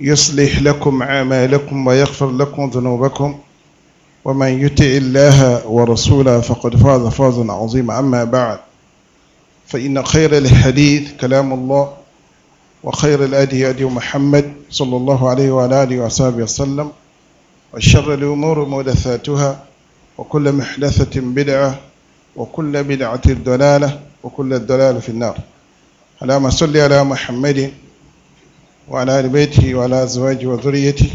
يصلح لكم عمالكم ويغفر لكم ذنوبكم ومن يتع الله ورسوله فقد فاز فاز عظيما أما بعد فإن خير الحديث كلام الله وخير الأدي أدي محمد صلى الله عليه وعلى آله وصحبه وسلم وشر الأمور مدثاتها وكل محدثة بدعة وكل بدعة الدلالة وكل الضلالة في النار اللهم صل على محمد وعلى آل بيته وعلى أزواجه وذريته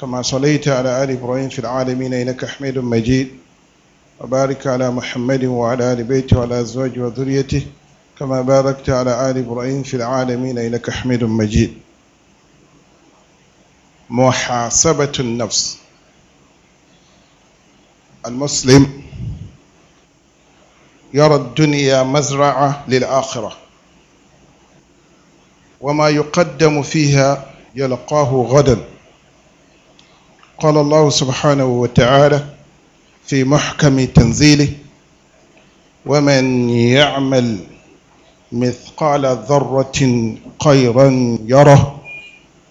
كما صليت على آل إبراهيم في العالمين إنك حميد مجيد وبارك على محمد وعلى آل بيته وعلى أزواجه وذريته كما باركت على آل إبراهيم في العالمين إنك حميد مجيد محاسبة النفس المسلم يرى الدنيا مزرعة للآخرة وما يقدم فيها يلقاه غدا قال الله سبحانه وتعالى في محكم تنزيله ومن يعمل مثقال ذرة خيرا يره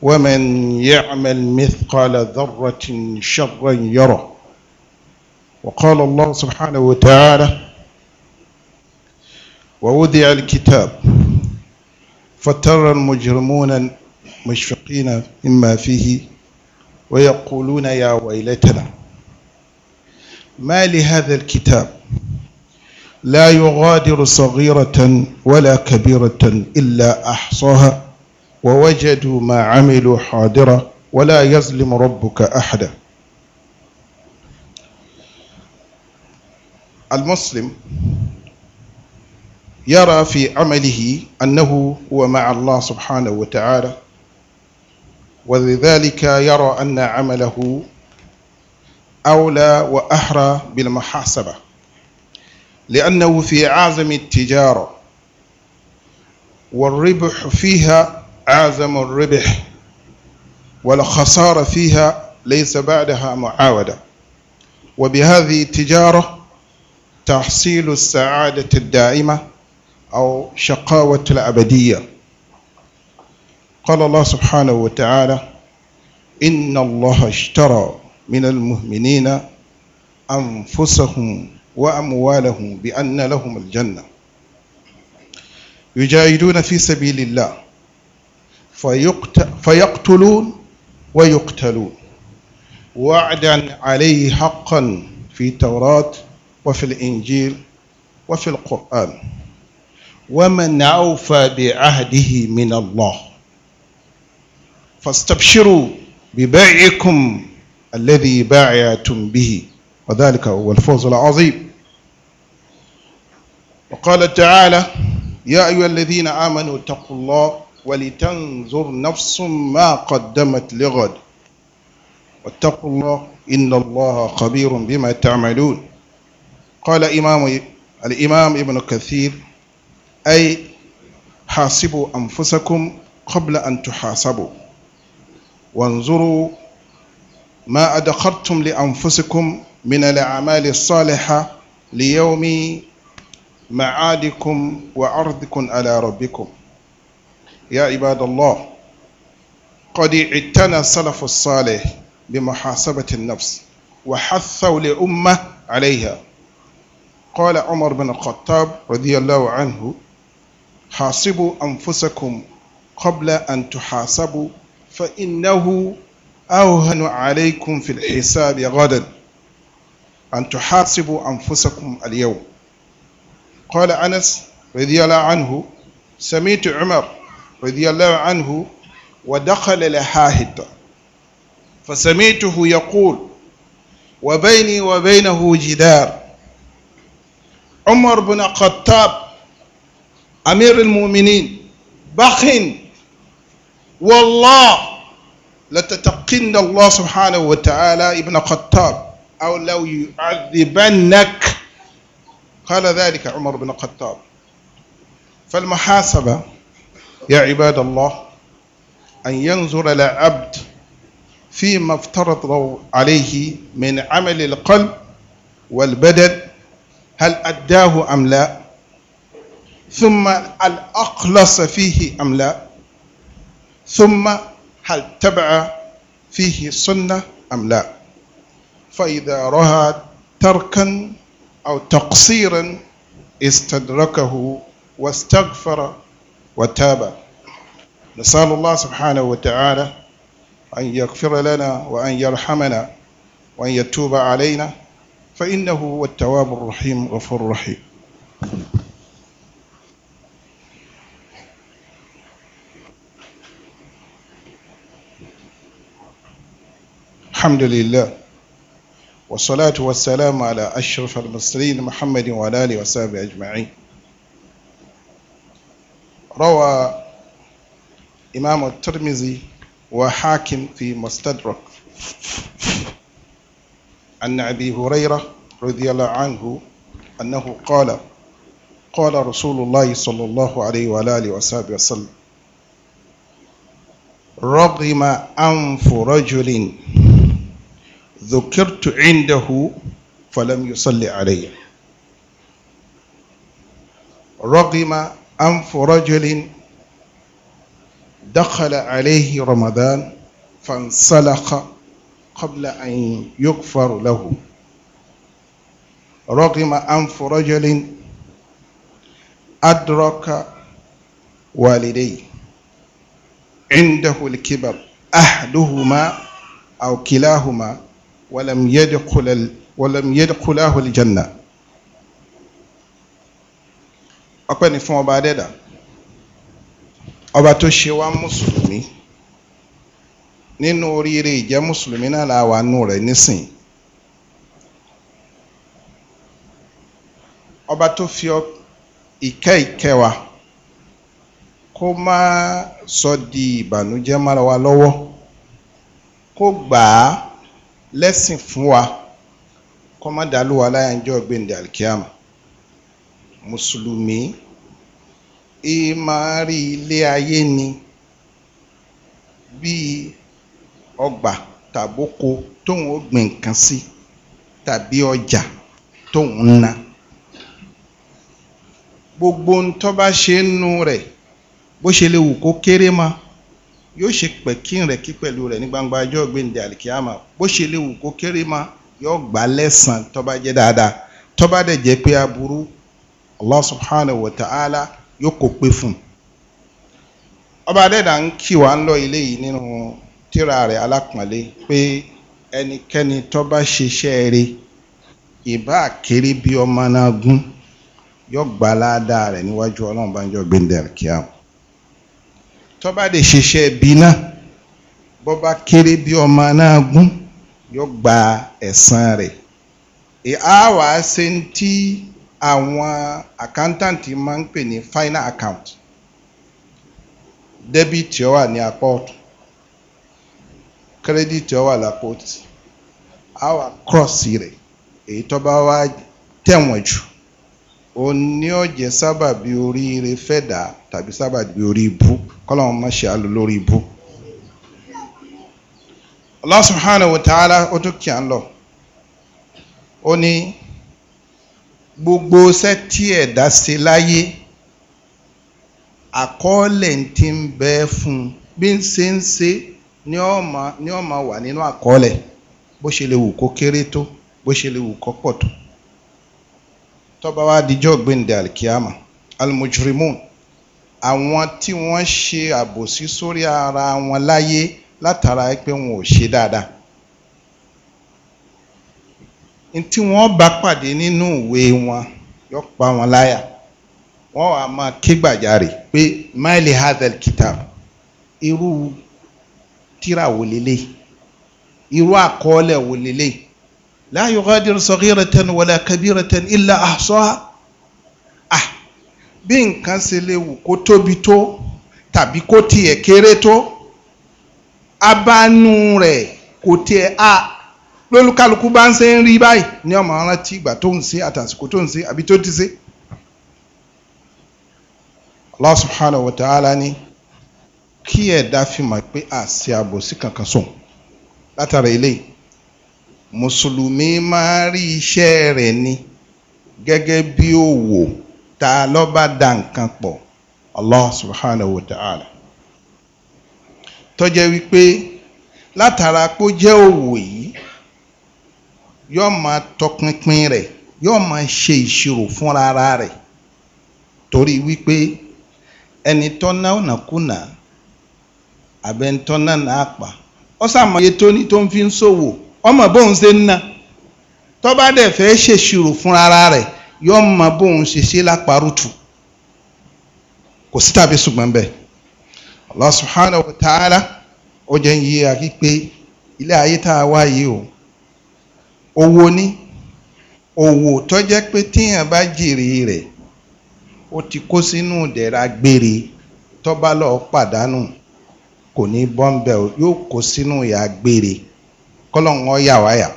ومن يعمل مثقال ذرة شرا يره وقال الله سبحانه وتعالى ووضع الكتاب فترى المجرمون مشفقين مما فيه ويقولون يا ويلتنا ما لهذا الكتاب لا يغادر صغيرة ولا كبيرة إلا أحصاها ووجدوا ما عملوا حاضرا ولا يظلم ربك أحدا المسلم يرى في عمله أنه هو مع الله سبحانه وتعالى ولذلك يرى أن عمله أولى وأحرى بالمحاسبة لأنه في عازم التجارة والربح فيها عازم الربح والخسارة فيها ليس بعدها معاودة وبهذه التجارة تحصيل السعادة الدائمة أو شقاوة الأبدية قال الله سبحانه وتعالى إن الله اشترى من المؤمنين أنفسهم وأموالهم بأن لهم الجنة يجاهدون في سبيل الله فيقتلون ويقتلون وعدا عليه حقا في التوراة وفي الإنجيل وفي القرآن ومن أوفى بعهده من الله فاستبشروا ببيعكم الذي باعتم به وذلك هو الفوز العظيم وقال تعالى يا أيها الذين آمنوا اتقوا الله ولتنظر نفس ما قدمت لغد واتقوا الله إن الله خبير بما تعملون قال إمام الإمام ابن كثير أي حاسبوا أنفسكم قبل أن تحاسبوا وانظروا ما أدخرتم لأنفسكم من الأعمال الصالحة ليوم معادكم وعرضكم على ربكم يا عباد الله قد اعتنى السلف الصالح بمحاسبة النفس وحثوا لأمة عليها قال عمر بن الخطاب رضي الله عنه حاسبوا أنفسكم قبل أن تحاسبوا فإنه أوهن عليكم في الحساب غدا أن تحاسبوا أنفسكم اليوم قال أنس رضي الله عنه سمعت عمر رضي الله عنه ودخل لحاهد فسمعته يقول وبيني وبينه جدار عمر بن الخطاب أمير المؤمنين بخ والله لتتقن الله سبحانه وتعالى ابن خطاب أو لو يعذبنك قال ذلك عمر بن الخطاب فالمحاسبة يا عباد الله أن ينظر العبد فيما افترض عليه من عمل القلب والبدن هل أداه أم لا ثم هل أخلص فيه أم لا ثم هل تبع فيه سنة أم لا فإذا رأى تركا أو تقصيرا استدركه واستغفر وتاب نسأل الله سبحانه وتعالى أن يغفر لنا وأن يرحمنا وأن يتوب علينا فإنه هو التواب الرحيم غفور رحيم الحمد لله والصلاة والسلام على أشرف المرسلين محمد وعلى آله وصحبه أجمعين روى إمام الترمذي وحاكم في مستدرك عن أبي هريرة رضي الله عنه أنه قال قال رسول الله صلى الله عليه وعلى آله وصحبه وسلم رغم أنف رجل ذكرت عنده فلم يصلي علي رغم أنف رجل دخل عليه رمضان فانسلخ قبل أن يغفر له رغم أنف رجل أدرك والديه عنده الكبر أحدهما أو كلاهما ولم يدخل ولم يدخله الجنة ọpẹ́ ni fún ọba adẹ́dà ọba tó ṣe wá mùsùlùmí nínú oríire ìjẹ́ mùsùlùmí náà la wà nù rẹ̀ nísìn ọba tó fi ìkẹ́ ìkẹ́ wa kó má sọ di ìbànújẹ́ mára wa lọ́wọ́ kó gbàá lẹ́sìn fún wa kọ́mọ́dálù wa láyà ń jọ gbèǹdé alikiyama mùsùlùmí ìmárì ilé ayé ni bíi ọgbà tàbóko tóun ó gbìn nǹkan sí tàbí ọjà tóun ń ná gbogbo ń tó bá ṣe ń nu rẹ̀ bó ṣe lè wù kó kéré mọ́. yóò ṣe pẹ̀kín rẹ̀ kí pẹ̀lú rẹ̀ ní gbangba ọjọ́ gbẹ̀ǹdẹ̀ àlìkíyàmà bó ṣe léwu kó ma yóò gbà lẹ́sàn tó jẹ́ dáadáa dẹ̀ jẹ́ pé aburú Allah subhanahu wa ta'ala yóò kó pé fún ọba adẹ́dà ń kí wa lọ ilé yìí nínú tíra rẹ̀ alápọ̀nlé pé ẹnikẹ́ni tọ́ba ṣiṣẹ́ rẹ̀ ìbá kéré bí ọmọ náà gún yóò gbà ládàá rẹ̀ níwájú ọlọ́run bá ń jọ gbẹ̀ǹdẹ̀ tó bá dé ṣiṣẹ́ bí náà bó bá kéré bí ọmọ náà gún yóò gba ẹ̀san rẹ̀ àwa ṣe ń tí àwọn accountant máa ń pè ní final account debit ó wà ní apá ọ̀tún credit ó wà lápò òtún àwa cross rẹ̀ èyí tó bá wá tẹ̀wọ̀n jù òun ni ó sábàbí oríire fẹ́dà tàbí sábàbí orí ibú kọ́lọ́hún má ṣe àlò lórí ibú. Allah subhanahu ó tún lọ ó ní gbogbo iṣẹ́ tí ẹ̀dá sí láyé àkọọ́lẹ̀ tí ń bẹ fún bí ń ń ṣe ni ọ wà nínú àkọọ́lẹ̀ bó ṣe lè wù kó kéré tó bó tọ́ba wa dijọ́ gbẹ̀ndẹ̀ alikiyama almujrimun àwọn tí wọ́n ṣe àbòsí sórí ara wọn láyé látara pé wọn ò ṣe dáadáa tí wọ́n bá pàdé nínú ìwé wọn yóò pa wọn láyà wọ́n wàá máa ké gbàjarè pé maili hazel kitab irú tíra wò lélẹ̀ irú àkọọ́lẹ̀ wò لا يغادر saghiratan ولا kabiratan إلا ahsaha ah بين nǹkan ṣe lè wù kó tóbi tó tàbí kó tiẹ̀ kéré tó abánú rẹ̀ kò tiẹ̀ a ah, lólúkálukú bá ń ṣe ń rí báyìí ní ọmọ rántí ìgbà tó ń ṣe àtàsìkò tó ń ṣe àbí tó ti ṣe. Allah subhanahu wa ta'ala ni kí ẹ̀dá fi mọ̀ pé àṣẹ àbòsí kankan sùn látara eléyìí mùsùlùmí máa rí iṣẹ́ rẹ̀ ni gẹ́gẹ́ bí òwò ta ló bá da nǹkan pọ̀ Allah subhanahu wa ta'ala tó jẹ́ wípé látara pó jẹ́ òwò yìí yóò máa tọpinpin rẹ̀ yóò máa ṣe ìṣirò fúnra ara rẹ̀ torí wípé ẹni tó ná ọ̀nàkùnà àbẹ̀ntọ́ náà náà pa ó sàmọye tó ní tó ń fi ń ṣòwò. So ọmọ bóun ṣe ń ná tọ́ba dẹ̀ fẹ́ ṣèṣirò fúnra rẹ̀ yọ mọ bóun ṣe ṣe lápárùtù kò sí tàbí ṣùgbọ́n bẹ́ẹ̀ Allah subhanahu wa ta'ala ó jẹ́ ń yí àkí pé ilé ayé tá a wá yìí o owó ní òwò tó jẹ́ pé téèyàn bá jèrè rẹ̀ ó ti kó sínú ìdẹ̀ra gbére tó lọ́ọ́ pàdánù kò ní bọ́ńbẹ́ yóò kó sínú ìyà gbére kọ́lọ́hún wọn yà wáyà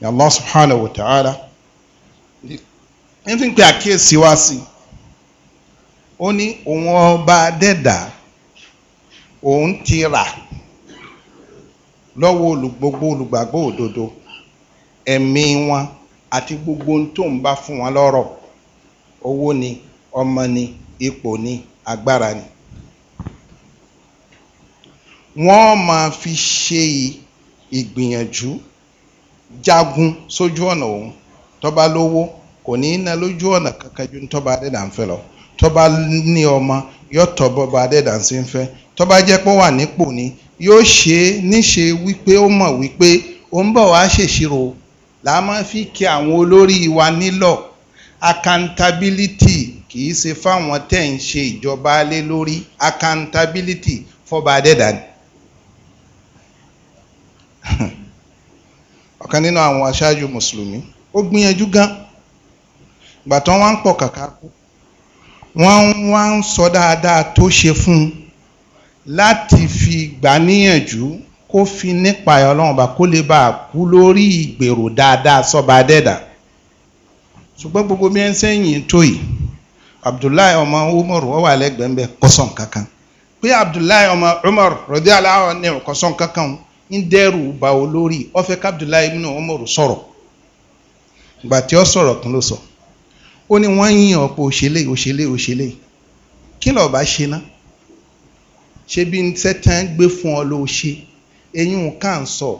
ní Allah subhanahu wa ta'ala ní fi ń pe àkíyèsí wá sí i ó ní òun ọba dẹ́dà òun ti rà lọ́wọ́ gbogbo olùgbàgbọ́ òdodo ẹ̀mí wọn àti gbogbo ohun tó ń bá fún wọn lọ́rọ̀ owó ni ọmọ ni ipò ni agbára ni wọ́n máa fi ṣe yìí ìgbìyànjú jagun sójú ọ̀nà òun tọ́ba lówó kò ní í na lójú ọ̀nà kankan ju tọ́ba adẹ́dà ń fẹ́ lọ tọ́ba ní ọmọ yóò tọ́ bọ́ba adẹ́dà ń fẹ́ tọ́ba jẹ́ pọ́ wà nípò ni yóò ṣe é níṣe wípé ó mọ̀ wípé ó ń bọ̀ wá ṣèṣirò là á máa fi kí àwọn olórí wa nílọ̀ accountability kì í ṣe fáwọn tẹ̀ ń ṣe ìjọba lé lórí accountability fọba adẹ́dà ni. ọ̀kan nínú àwọn aṣáájú mùsùlùmí ó gbìyànjú gan ìgbà tó wọ́n ń pọ̀ kàkà kú wọ́n wá ń sọ dáadáa tó ṣe fún un láti fi gbà níyànjú kó fi nípa ọlọ́run bá kó lè bá a kú lórí ìgbèrò dáadáa sọba adẹ́dà ṣùgbọ́n gbogbo mi ń sẹ́yìn tó yìí abdullahi ọmọ umar wọ́n wà lẹ́gbẹ̀ẹ́ ń bẹ kọ́sọ̀n kankan pé abdullahi ọmọ umar rọ̀dí aláwọ̀ ni kọ́sọ̀n kankan o ń dẹ́rù bà olórí ó fẹ́ kábdùlá ibn Umar sọ̀rọ̀ ìgbà tí ó sọ̀rọ̀ kan ló sọ ó ní wọ́n yìn ọ̀pọ̀ òṣèlè òṣèlè òṣèlè kí lọ́ọ́ bá ṣe ná ṣé bí sẹ́tàn gbé fún ọ ló ṣe eyín ká ń sọ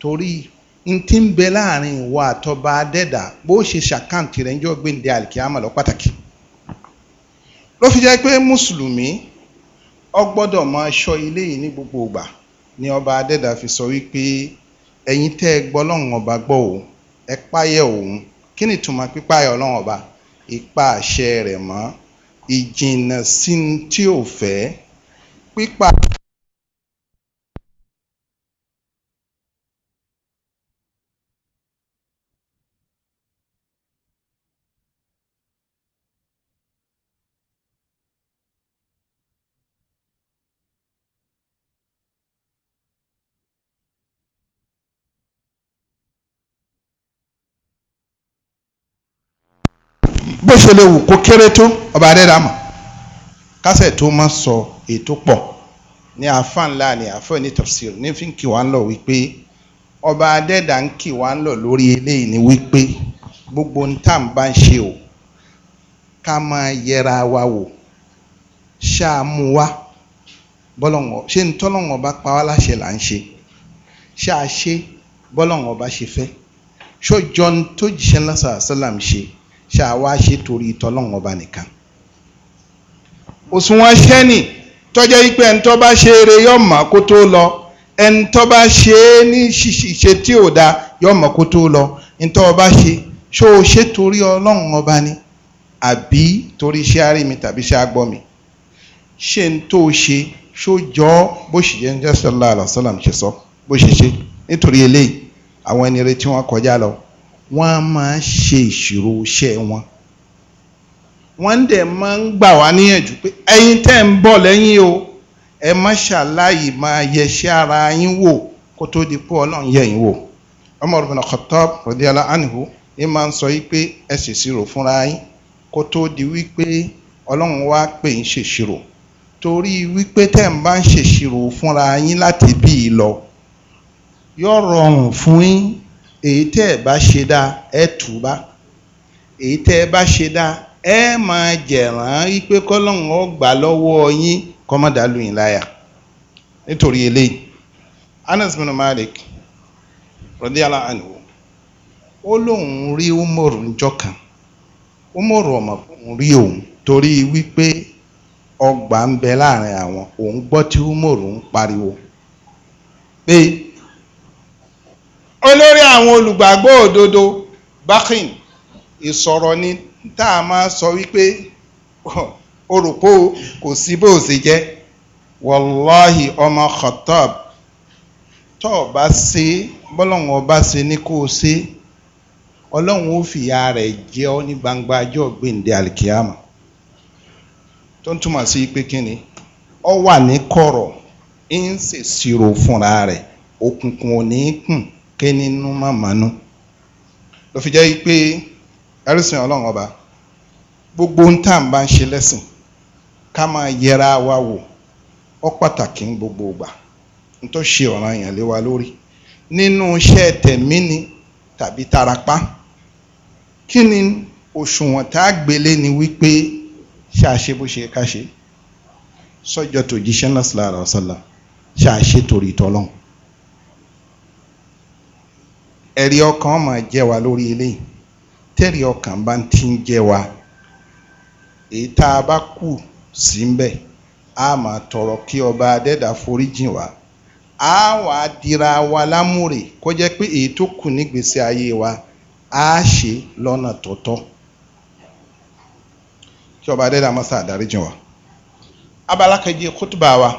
torí n ti ń bẹ láàrin ìwà àtọba adẹ́dà bó ṣe ṣàkáǹtì rẹ̀ ń jọ gbéǹde àlìkíyàmà lọ pàtàkì ló fi jẹ́ pé mùsùlùmí ọ gbọ́dọ̀ máa ilé yìí ní gbogbo ìgbà ni ọba adẹ́dà fi sọ wípé ẹ̀yin tẹ́ ẹ gbọ́ lọ́run ọba gbọ́ o ẹ páyẹ̀ òun kí ni ìtumọ̀ pípáyẹ̀ ọlọ́run ọba ipa àṣẹ rẹ̀ mọ́ ìjìnnà sí tí ò fẹ́ pípa bó ṣe lè wù kó kéré tó ọba adẹ́dá mọ̀ kásẹ̀ tó má sọ ètò pọ̀ ní àfa ńlá ní àfa ní tafsir ní fi ń kì wá ń lọ wípé ọba adẹ́dá ń kì wá ń lọ lórí eléyìí ni wípé gbogbo ń tà ń bá ń ṣe o ká máa yẹra wa wò ṣáàmú wa bọ́lọ̀ngọ̀ ṣé ń tọ́lọ̀ngọ̀ bá pa wá láṣẹ là ń ṣe ṣáà ṣe bọ́lọ̀ngọ̀ bá ṣe fẹ́ ṣọjọ́ tó jíṣẹ́ lásàásálàm ṣe ṣáà wá ṣe torí tọ́lọ́run ọba nìkan òṣùwọ̀n ṣẹ́nì tọ́jọ́ yìí pé ẹ̀ńtọ́ bá ṣe eré yọ̀mà kó tó lọ ẹ̀ńtọ́ bá ṣe é ní ṣiṣẹ́ tí ò da yọ̀mà kó tó lọ ẹ̀ńtọ́ ọba ṣe ṣó o ṣe torí ọlọ́run ọba ni àbí torí ṣé arí mi tàbí ṣé agbọ́ mi ṣé n tó ṣe ṣó jọ bó ṣe jẹ́ ní sallallahu alaihi wasallam ṣe sọ bó ṣe ṣe nítorí eléyìí àwọn ẹni rẹ tí kọjá lọ wọ́n á máa ṣe ìṣirò iṣẹ́ wọn wọ́n ń dẹ̀ máa ń gbà wá níyànjú pé ẹ̀yin tẹ́ ń bọ̀ lẹ́yìn o ẹ má ṣàlàyé máa yẹṣẹ́ ara yín wò kó tó di pé ọlọ́run yẹ yín wò Umar bin Khattab radiyallahu anhu ẹ máa ń sọ yí pé ẹ ṣèṣirò fúnra yín kó tó di wípé ọlọ́run wá pè ń ṣèṣirò torí wípé tẹ́ ń bá ń ṣèṣirò fúnra yín láti bí i lọ yóò rọrùn fún yín èyí tẹ́ ẹ̀ bá ṣe dáa ẹ̀ tù bá èyí tẹ́ ẹ bá ṣe ẹ máa jẹ̀rán wípé kọ́lọ́hún ó gbà lọ́wọ́ yín kọ́mọ́dàlú yín láyà nítorí eléyìí Anas bin Malik radiyallahu anhu ó lóun rí Umaru njọ́ kan ọmọ òun rí òun torí wípé ọgbà ń bẹ láàrin àwọn olórí àwọn olùgbàgbọ́ òdodo bakin ìsọ̀rọ̀ ni tá a máa sọ wípé orùpó kò sí bó ṣe jẹ́ wàláhì ọmọ Khattab tó o bá ṣe bọ́lọ́hún ọba ṣe ní kó o ṣe ọlọ́hun ó fìyà rẹ̀ jẹ ọ́ ní gbangba ajọ́ gbèǹde alikiyama tó ń túmọ̀ sí pé kíni ọ wà ní kọ̀rọ̀ ń ṣèṣirò fúnra rẹ̀ òkùnkùn ò ní kùn kéninú má mánú ló fi jẹ́ pé ẹrúsìn ọlọ́run ọba gbogbo ń tà ń bá ń ṣe lẹ́sìn ká máa yẹra wa wò ó pàtàkì ń gbogbo ìgbà ń tó ṣe ọ̀ràn yẹn lé wa lórí nínú iṣẹ́ tẹ̀mí ni tàbí tarapá kí ni òṣùwọ̀n tá a gbélé ni wípé ṣàṣe bó ṣe ká ṣe sọ́jọ́ tó jíṣẹ́ náà sílára ọ̀sán la ṣàṣe torí tọ́lọ́hún ẹ̀rí ọkàn máa jẹ́ wa lórí eléyìí tẹ́rí ọkàn bá ti ń jẹ́ wa èyí tá a bá kù sí ń bẹ̀ a máa tọrọ kí ọba adẹ́dà foríjìn wa a wà á dira wa lámúre kó jẹ́ pé èyí tó kù nígbèsè ayé wa a ṣe lọ́nà tó kí ọba adẹ́dà má ṣàdáríjìn wa abala kejì kútùbà wa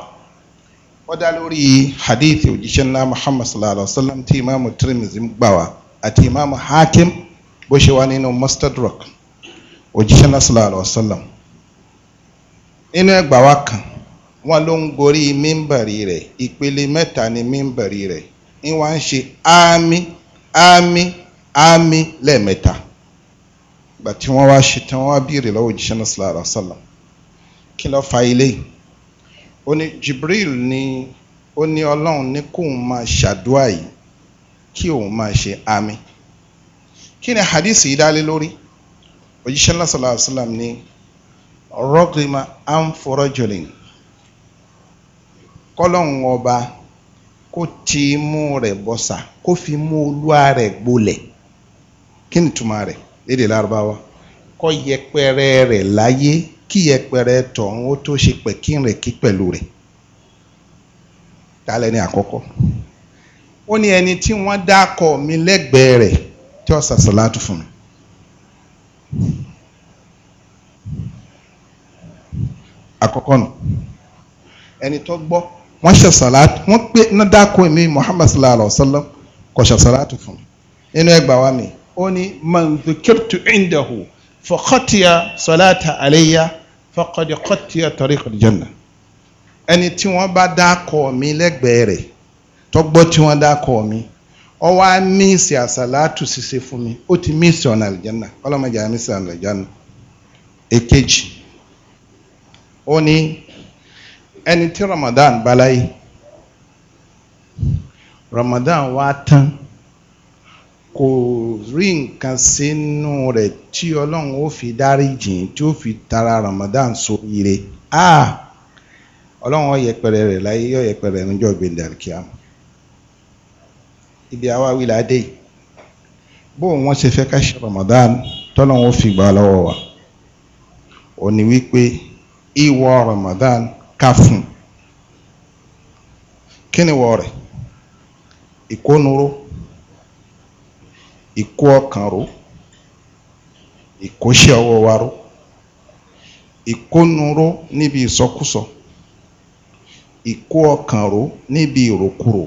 ó dá lórí hadith òjíṣẹ́ ńlá muhammad sallallahu alaihi wa sallam tí imaamu tirimizi gbà wá àti imaamu hakim bó ṣe wá nínú mustadrak òjíṣẹ́ ńlá sallallahu alaihi wa sallam nínú ẹgbà wa kan wọ́n ló ń gorí mímbàrí rẹ̀ ìpele mẹ́ta ni mímbàrí rẹ̀ ni wọ́n ń ṣe ámì ámì ámì lẹ́ẹ̀mẹ́ta gbà tí wá ṣe tán wọ́n wá bèèrè lọ́wọ́ òjíṣẹ́ náà sallallahu alaihi wasallam kí ló fa ilé yìí ó ní Jibril ni ó ní ọlọ́run ní kóun máa ṣàdúrà yìí kí òun máa ṣe àmì kí ni hadith yìí dálé lórí òjíṣẹ́ lásàlá àṣàlám ní rọ́gìmá amforojolin kọ́lọ́hún ọba kó ti imú rẹ̀ bọ́sà kó fi mú olúwa rẹ̀ gbolẹ̀ kí ni túmọ̀ rẹ̀ lédè lárúbáwá kó yẹpẹrẹ rẹ̀ láyé kí yẹpẹrẹ tọ̀hún ó tó ṣe pẹ̀kínrẹ̀kí pẹ̀lú rẹ̀ tálẹ̀ ní àkọ́kọ́ ó ní ẹni tí wọ́n dákọ̀ mi lẹ́gbẹ̀ẹ́ rẹ̀ tí ó sàṣàlátù fún mi àkọ́kọ́ nù ẹni tó gbọ́ wọ́n ṣe sàlátù wọ́n pé ná dákọ̀ mi Muhammad sallallahu alayhi wa sallam kò ṣe sàlátù fún mi nínú ẹgbàá wa mi ó ní man indahu fa khatiya salata alayya faqad qatiya tariqal janna ẹni tí wọ́n bá dákọ̀ mi lẹ́gbẹ̀ẹ́ rẹ̀ tọ́gbọ́ tí wọ́n dákọ̀ mi ọ wá míìsì àsàlátù ṣiṣẹ́ fún mi ó ti míìsì ọ̀nà àlìjánà ọlọ́mọdé àmì sí èkejì ó ní ẹni tí Ramadan balaye Ramadan wá tán kò rí nǹkan sínú rẹ̀ tí ọlọ́run ó fi dárí jìn tí ó fi tara Ramadan sóríire ah ọlọ́run ó yẹpẹrẹ rẹ̀ láyé yọ níjọ́ gbẹ̀ndàkíá ibi àwa wílà dé bó wọn ṣe fẹ́ ká Ramadan tọ́lọ́run ó fi gbà lọ́wọ́ wa ní Ramadan ká fún kí ìkó ọkàn ró ìkóṣẹ́ ọwọ́ wa ró ìkónuró níbi ìsọkúsọ ìkó ọkàn ró níbi ìròkurò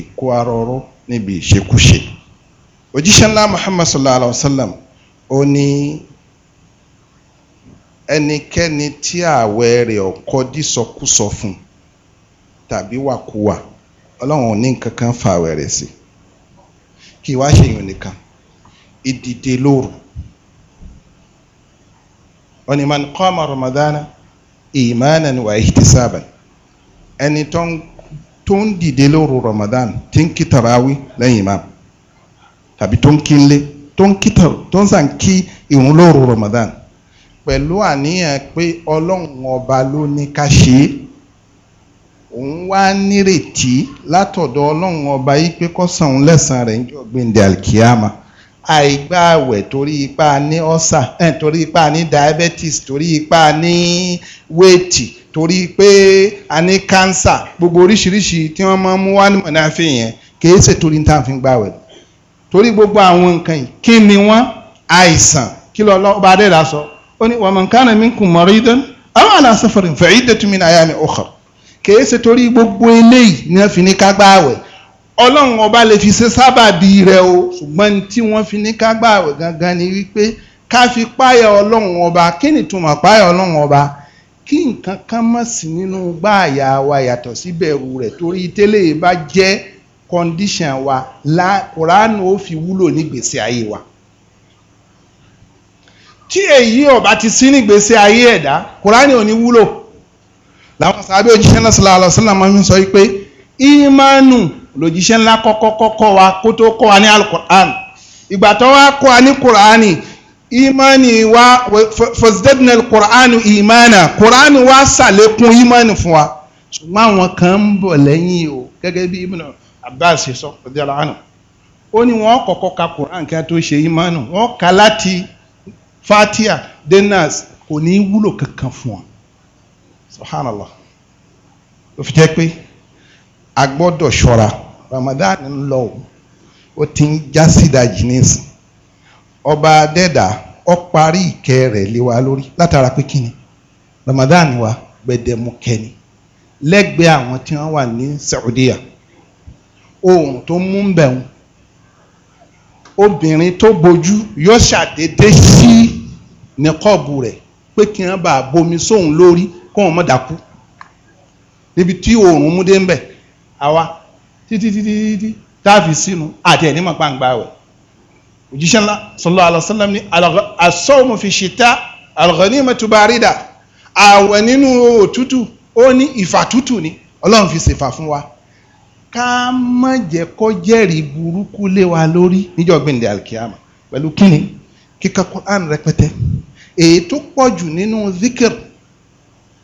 ìkó ara ró níbi ìṣekúṣe òjíṣẹ́ ńlá Muhammad sallallahu alayhi wa sallam ó ní ẹnikẹ́ni tí ààwẹ̀ rẹ̀ fún tàbí wàkúwà ọlọ́run ò ní nǹkan kan sí i. kì í wá ṣèyàn nìkan ìdìde lóru wọn ni man qama ramadana imanan wa ihtisaban ẹni tó ń dìde lóru ramadan tí ń kí tarawí lẹ́yìn imam tàbí tó ń kí ń lé tó ń kí tó ń sàn kí ìrun lóru ramadan pẹ̀lú àníyàn pé ọlọ́run ọba ló ní ká ṣe é òun wá nírètí látọ̀dọ̀ ọlọ́run ọba yìí pé kọ́sàn òun lẹ́sàn rẹ̀ ń jọ gbẹ̀ǹdẹ̀ alkiyama àìgbà àwẹ̀ torí ipá ní ọ́sà torí ipá ní diabetes torí ipá ní wéètì torí pé a ní kánsà gbogbo oríṣiríṣi tí wọ́n máa ń mú wá ní mọ̀nàfẹ́ kìí ṣe torí ní táwọn fi ń gbà wẹ̀ torí gbogbo àwọn nǹkan yìí kí ni wọ́n àìsàn kí lọ́ọ́ lọ́ọ́ bá sọ ó ní wa man kana minkum maridan aw ala safarin fa iddatun min ayami ukhra kìí ṣe torí gbogbo eléyìí ni wọ́n fi ní ká gbààwẹ̀ ọlọ́run ọba lè fi ṣe sábàbí rẹ̀ o ṣùgbọ́n tí wọ́n fi ní ká gbààwẹ̀ gangan ni wípé ká fi páyà ọlọ́run ọba kí ni ìtumọ̀ páyà ọlọ́run ọba kí nǹkan kan mọ̀ sí nínú gbáàyà wa yàtọ̀ sí bẹ̀rù rẹ̀ torí tẹ́lẹ̀ bá jẹ́ kọ́ndíṣàn wa la kùránù ó fi wúlò nígbèsè ayé wa tí èyí ọba ti sí nígbèsè ayé ẹ̀dá kùránù ò ní wúlò làwọn sàbẹ òjíṣẹ́ náà sallallahu alaihi wasallam máa ń sọ yìí pé ìmánu lòjíṣẹ́ ńlá kọ́kọ́ kọ́kọ́ wa kó tó kọ́ wa ní alukur'an ìgbà tó wá kọ́ wa ní kur'ani ìmánu wa fọsidẹ́dínà kur'anu ìmánà kur'anu wa sàlékún ìmánu fún wa ṣùgbọ́n àwọn kan ń bọ̀ lẹ́yìn o gẹ́gẹ́ bí Ibn Abbas sọ radiyallahu anhu ó ní wọ́n kọ́kọ́ ka kur'an kí a tó ṣe ìmánu wọ́n kà láti fatia denas kò ní wúlò kankan fún wọn subhanallah ló fi jẹ́ pé a gbọ́dọ̀ ṣọ́ra Ramadan ń lọ ó ti ń já sídàjì nísìn ọba adẹ́dà ó parí ìkẹ́ rẹ̀ lé lórí látara pé kíni Ramadan wa gbẹdẹmukẹ ni lẹ́gbẹ̀ẹ́ àwọn tí wọ́n wà ní Saudiya ohun tó mú ń bẹ̀rùn obìnrin tó bojú yóò ṣàdédé sí nìkọ́ọ̀bù rẹ̀ pé kí wọ́n bá bomi sóhun lórí kóun mọ̀ dákú níbi tí oòrùn mú dé ń bẹ̀ àwa títí títí títí táàfì sínú àti ẹ̀ nímọ̀ gbangba wẹ̀ òjíṣẹ́ ńlá sallallahu alaihi wasallam ní as-sawmu fi shita al-ghanimatu barida àwẹ̀ nínú òtútù ó ní ìfàtútù ni ọlọ́run fi ṣèfà fún wa ká má jẹ́ kó jẹ́rìí burúkú lé wa lórí níjọ́ gbẹ̀ndẹ̀ alkiyama pẹ̀lú kíni kíka Qur'an rẹpẹtẹ èyí tó pọ̀ nínú zikir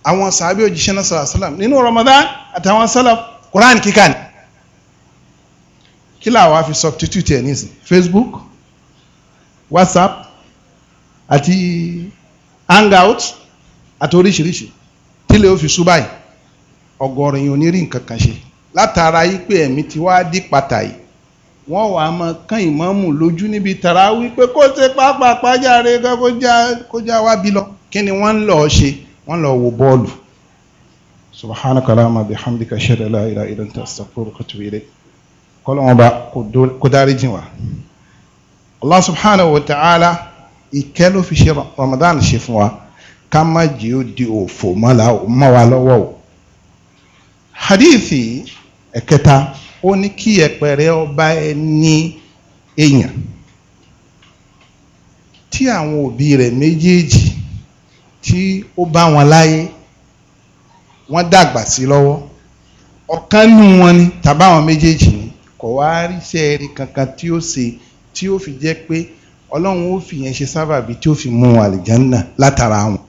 àwọn sàábé òjíṣẹ́ náà sọ̀rọ̀ sálàm nínú Ramadan àtàwọn sálàm Quran kíkà ni kí làwọn fi substitute ẹ̀ nísìn Facebook WhatsApp àti hangout àti oríṣiríṣi tílé ó fi sú báyìí ọ̀gọ̀rọ̀ yìí ò ní rí nǹkan kan ṣe látara yìí pé ẹ̀mí ti wá dí pàtàkì wọ́n wà á mọ kán ìmámù lójú níbi tàràwí pé kó ṣe pápá pàjáre kó já wá bí lọ kí ni wọ́n ń lọ ṣe wọ́n lọ wo bọ́ọ̀lù subhanaka allahumma bihamdika ashhadu an la ilaha illa anta astaghfiruka wa atubu ilayk kọ́lọ́wọ́n bá kó dárí jìn wá allah subhanahu wa ta'ala ìkẹ́ ló fi ṣe ramadan ṣe fún wa ká má jẹ́ ó di òfò mọ́ wa lọ́wọ́ o hadithi ẹ̀kẹta ó ní kí ẹpẹrẹ ọba ẹni èèyàn tí àwọn òbí rẹ̀ méjèèjì tí ó bá wọn láyé wọ́n dàgbà sí lọ́wọ́ ọ̀kan nù wọn ni tàbá àwọn méjèèjì ni kò wá ríṣẹ́ eré kankan tí ó ṣe tí ó fi jẹ́ pé ọlọ́run ó fi yẹn ṣe sábàbí tí ó fi mú àlìjánná látara wọn.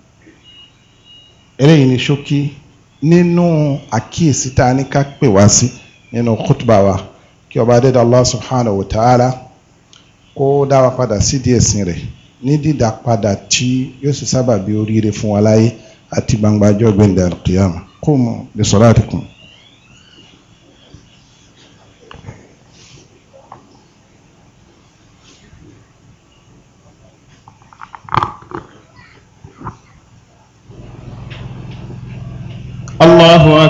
eléyìí ni ṣókí nínú àkíyèsí tá a ní ká pè wá sí nínú kútùbà wa kí ọba adédọ̀lá subhanahu wa ta'ala kó dá wa padà sídìí ẹ̀sìn rẹ̀ ní dídàpadà tí yóò sì sábà bí oríire fún wa láyé àti gbangba ọjọ́ gbẹ̀ndẹ̀ àlùkìyàmà kó mọ̀ bí salatikum. الله أكبر